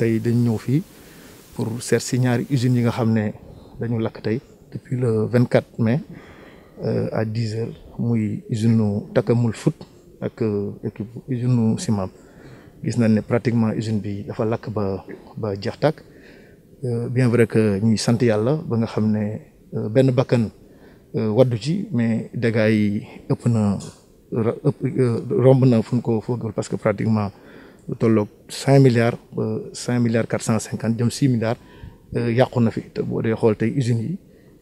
tay dañ ñëw pour seet si ñaari usines yi nga xamné dañu lak tay depuis le 24 mai mai euh, à 10 heures muy usine Takamul Foot ak euh, équipe usine nu gis nañ ne pratiquement usine bi dafa lak ba ba jeex euh, bien vrai que ñuy sant yalla ba nga xamné ne euh, benn bakkan waddu ci mais dégâts yi ëpp na romb na fu ko foogul parce que pratiquement. lu tolloog cinq milliards ba cinq milliards cent cinquante jëm six milliards euh, yàqu na fi te boo dee xool tey usines yi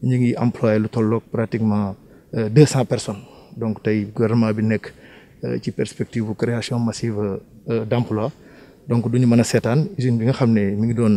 ñu ngi employé lu tolloog pratiquement euh, deux cent personnes donc tey gouvernement bi nekk euh, ci perspective bu création massive d'emploi donc du ñu mën a seetaan usine bi nga xam ne mi ngi doon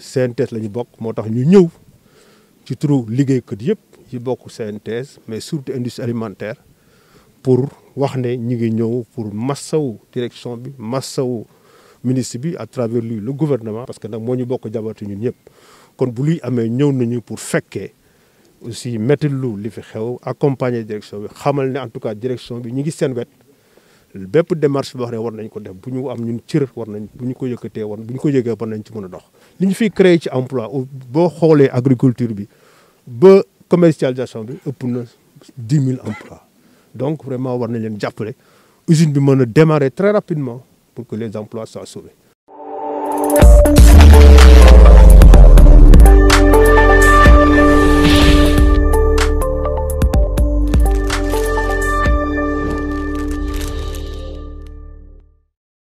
synthèse la bok bokk tax ñu ñëw ci turu liggéeykat yépp yi bok synthèse mais surtout industrie alimentaire pour wax né ñi ngi ñëw pour massawu direction bi massawu ministre bi à travers lui le gouvernement. parce que nak moñu bok bokk jabatu ñun ñëpp kon bu luy amé ñëw nañu pour féké aussi mettre lu li fi xew accompagner direction bi xamal né en tout cas direction bi ñi ngi seen wette bépp démarche boo xam ne war nañ ko def bu ñu am ñun cër war nañ bu ñu ko yëkkatee war bu ñu ko yëgee war nañ ci mën a dox li ñu fiy créé ci emploi boo xoolee agriculture bi ba commercialisation bi ëpp na dix mille emplois donc vraiment war nañ leen jàppale usine bi mën a démarrer très rapidement pour que les emplois soient sauvés